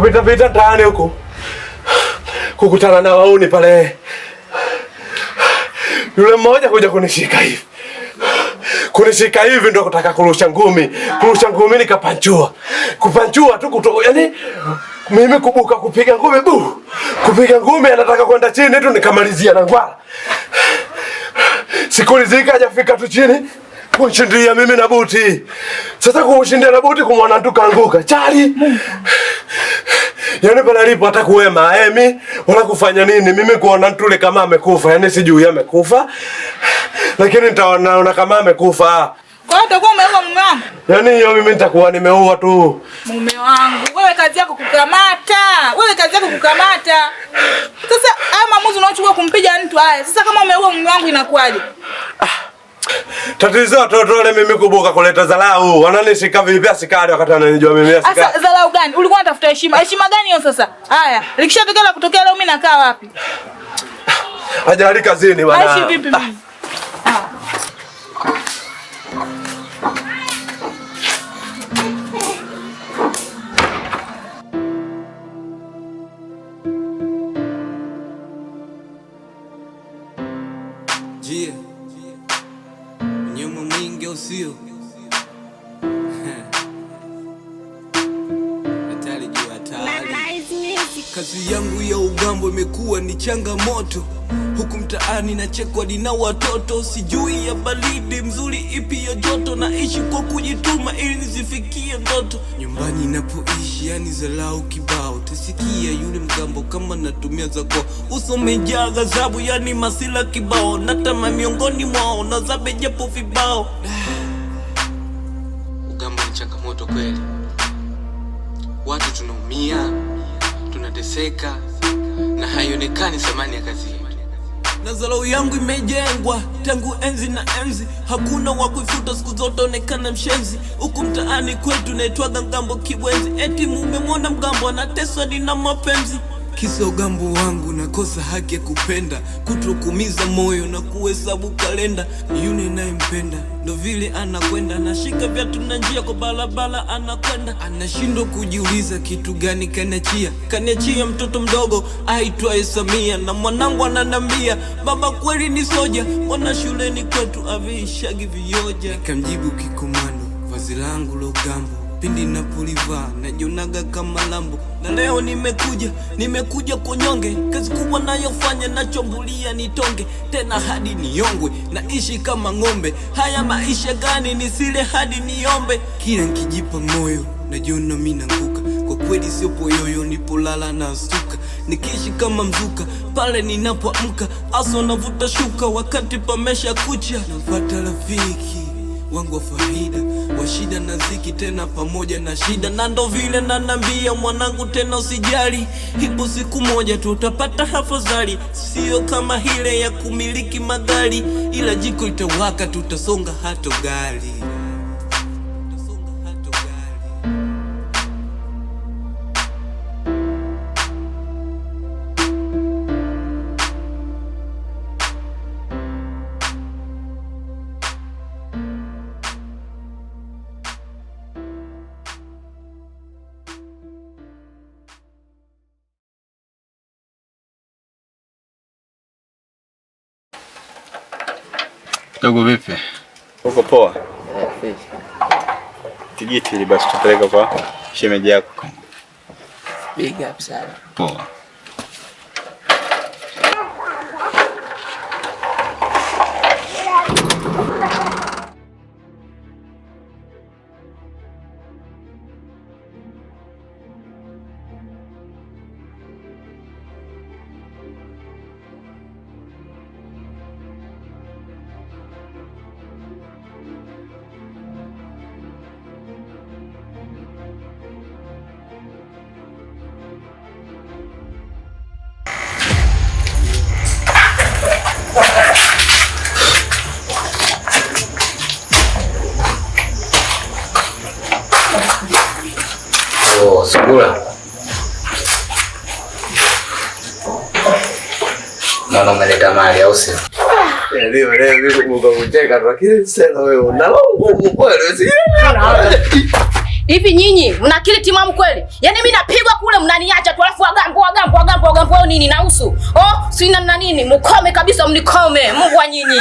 kupita pita mtaani huku kukutana na wauni pale, yule mmoja kuja kunishika hivi kunishika hivi ndo kutaka kurusha ngumi, kurusha ngumi nikapanchua, kupanchua tu kuto, yani mimi kubuka kupiga ngumi bu, kupiga ngumi anataka kwenda chini tu nikamalizia na ngwala, sikulizika nizika hajafika tu chini kunishindia mimi na buti. Sasa kumshindia na buti kumwana mtu kaanguka. Chali. Yaani pale alipo hata kuwema aemi wala kufanya nini mimi kuona mtu ile kama amekufa. Yaani sijui amekufa. Lakini nitaona kama amekufa. Kwa hiyo utakuwa umeua mume wangu? Yaani hiyo mimi nitakuwa nimeua tu. Mume wangu, wewe kazi yako kukamata. Wewe kazi yako kukamata. Sasa haya maamuzi unaochukua kumpiga mtu haya. Sasa kama umeua mume wangu inakuwaje? Tatizo watoto wale mimi kubuka kuleta dharau. Wananishika vipi sikali wakati wananijua mimi sikali. Sasa dharau gani? Ulikuwa unatafuta heshima. Heshima gani hiyo sasa? Haya, likishatokea la kutokea leo mimi nakaa wapi? ajali kazini bwana. Aishi vipi mimi? Kazi yangu ya ugambo imekuwa ni changamoto, huku mtaani nachekwa nina watoto, sijui ya baridi mzuri ipi ya joto, naishi kwa kujituma ili nizifikie ndoto. Nyumbani napoishi yani zalau kibao, tasikia yule mgambo kama natumia zako, uso umejaa ghadhabu, yani masila kibao, natama miongoni mwao nazabe japo vibao. Ugambo ni changamoto kweli, watu tunaumia kuteseka na haionekani thamani ya kazi hii. Na yangu imejengwa tangu enzi na enzi, hakuna wa kuifuta, siku zote onekana mshenzi. Huku mtaani kwetu naitwaga Ngambo Kibwenzi, eti mumemwona Mgambo anateswa ni na mapenzi Kisa ugambo wangu nakosa haki ya kupenda, kutokumiza moyo na kuhesabu kalenda. Yule nayempenda ndo vile anakwenda, nashika viatu na njia kwa barabara anakwenda, anashindwa kujiuliza kitu gani kaniachia. Kaniachia mtoto mdogo aitwaye Samia, na mwanangu ananambia baba, kweli ni soja, mwana shuleni kwetu avishagi vioja. Nikamjibu kikomando, vazi langu logambo pindi napolivaa najionaga kama lambo, na leo nimekuja, nimekuja kunyonge. Kazi kubwa nayofanya nachombulia nitonge, tena hadi niongwe, naishi kama ng'ombe. Haya maisha gani nisile hadi niombe? Kila nkijipa moyo najiona mi nanguka, kwa kweli sio poyoyo, nipolala na suka nikiishi kama mzuka pale ninapoamka, aso navuta shuka wakati pamesha kucha, napata rafiki wangu wa faida wa shida na ziki tena pamoja na shida, na ndo vile na nambia mwanangu tena usijali, ipo siku moja tu utapata hafadhali, sio kama hile ya kumiliki magari, ila jiko itawaka, tutasonga hato gari Dogo vipi? Uko poa? Kijiti basi tupeleke kwa shemeji yako. Big up sana. Poa. Yo, sukula. Mama umeleta mali au sio? Eh, leo leo kucheka lakini sasa wewe una nguvu kweli. Hivi nyinyi mna akili timamu kweli? Yaani mimi napigwa kule mnaniacha tu alafu agambo agambo agambo agambo wao nini nausu? Oh, sina na nini? Mkome kabisa mnikome. Mungu wa nyinyi.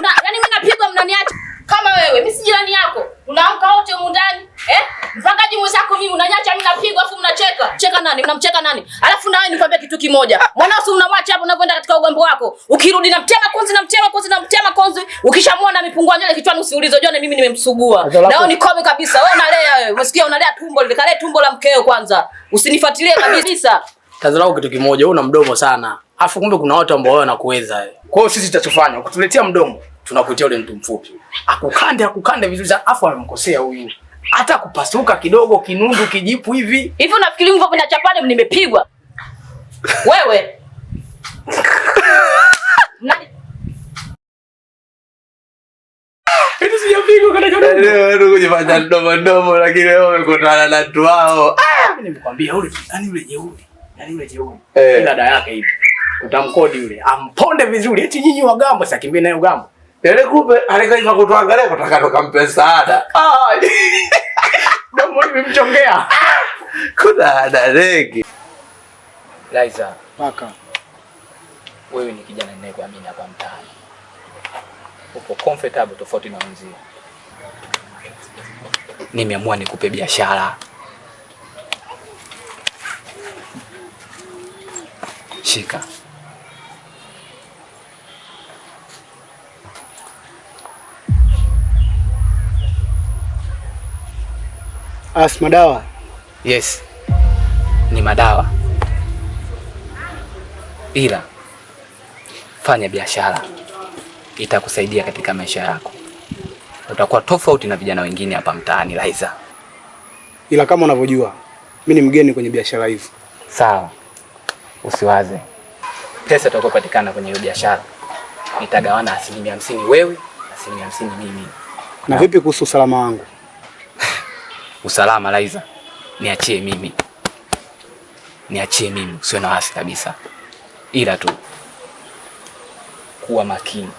Na yaani mimi napigwa mnaniacha kama wewe. Mimi si jirani yako. Unaamka wote mundani. Eh? Mpangaji mwenzako mimi unanyacha mimi napigwa afu mnacheka. Cheka nani? Mnamcheka nani? Alafu na wewe nikwambia kitu kimoja. Mwanao si unamwacha hapo unavyoenda katika ugombo wako. Ukirudi na mtema konzi na mtema konzi na mtema konzi. Ukishamwona amepungua nywele kichwani usiulize jone mimi nimemsugua. Na wewe nikome kabisa. Wewe unalea wewe. Umesikia unalea tumbo lile kale tumbo la mkeo kwanza. Usinifuatilie kabisa. Tazama kitu kimoja, wewe una mdomo sana. Afu kumbe kuna watu ambao wao wanakuweza Kwa hiyo sisi tutachofanya kutuletea mdomo tunakutia ule mtu mfupi. Akukande akukande vizuri sana afu amemkosea huyu hata kupasuka kidogo, kinundu kijipu hivi hivi. Unafikiri hivyo kwenye pale nimepigwa wewe? kujifanya eh, ndomo ndomo, lakini wewe umekutana na watu wao. Ah! Nimekwambia yule yani, yule jeuri yani, yule jeuri eh. dada yake hivi, utamkodi yule amponde vizuri, eti nyinyi wagambo sakimbia nayo gambo yale kumbe alikaiva kutuangalia kutaka tukampe msaada. Ah. mimi nimemchongea. Kuna ada dareki. Liza. paka. Wewe ni kijana ninayekuamini hapa mtaani. Upo comfortable tofauti na wenzio. Nimeamua nikupe biashara. Shika. As madawa? Yes, ni madawa, ila fanya biashara, itakusaidia katika maisha yako, utakuwa tofauti na vijana wengine hapa mtaani. Laiza, ila kama unavyojua mimi ni mgeni kwenye biashara hizi. Sawa, usiwaze pesa itakayopatikana kwenye hiyo biashara nitagawana asilimia hamsini wewe, asilimia hamsini mimi. Na vipi kuhusu usalama wangu? usalama Laiza, niachie mimi, niachie mimi, usiwe na wasi kabisa, ila tu kuwa makini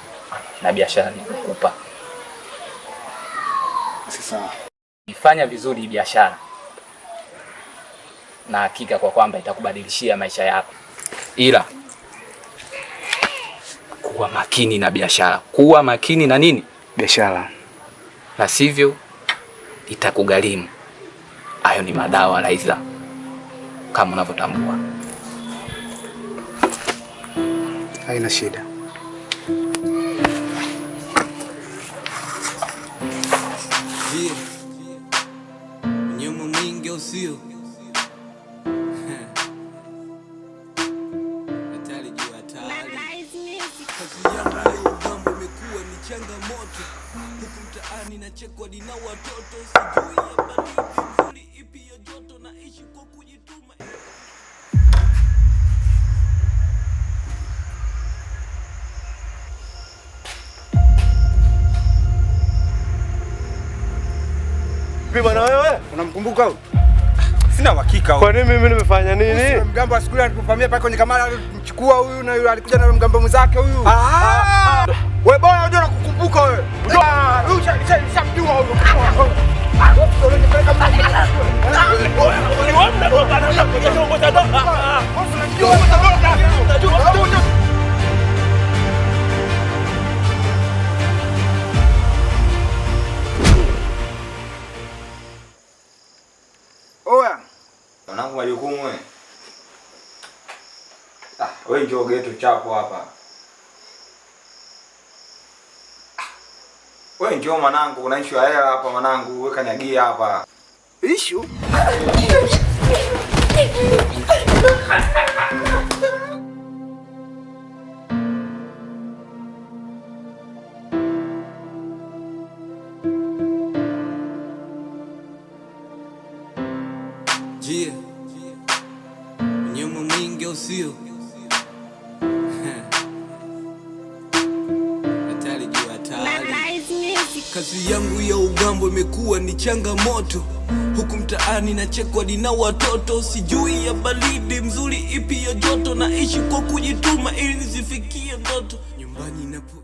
na biashara nikukupa. Sasa ifanya vizuri biashara, na hakika kwa kwamba itakubadilishia maisha yako, ila kuwa makini na biashara, kuwa makini na nini biashara, na sivyo itakugharimu. Hayo ni madawa Laiza, kama unavyotambua. Haina shida. Nyuma mwingi usio changamoto huku mtaani na chekwa watoto unakumbuka? Sina uhakika. Kwa nini mimi nimefanya nini? Mgambo asikule alikuvamia pale kwenye kamera alimchukua huyu na yule alikuja na mgambo mwenzake huyu. Ah! Wewe bwana unajua nakukumbuka wewe. Ah, huyu shamjua huyu. Ni wapi na roho bana? Unajua unajua. Unajua unajua. wangu majukumu. Ah, wewe njoo geto chapo hapa. Wewe njoo mwanangu, una issue ya hela hapa mwanangu, wewe kanyagia hapa. Issue? Kazi yangu ya ugambo imekuwa ni changamoto, huku mtaani nachekwa dina watoto, sijui ya baridi mzuri ipi ya joto, naishi kwa kujituma ili nizifikie ndoto nyumbani napo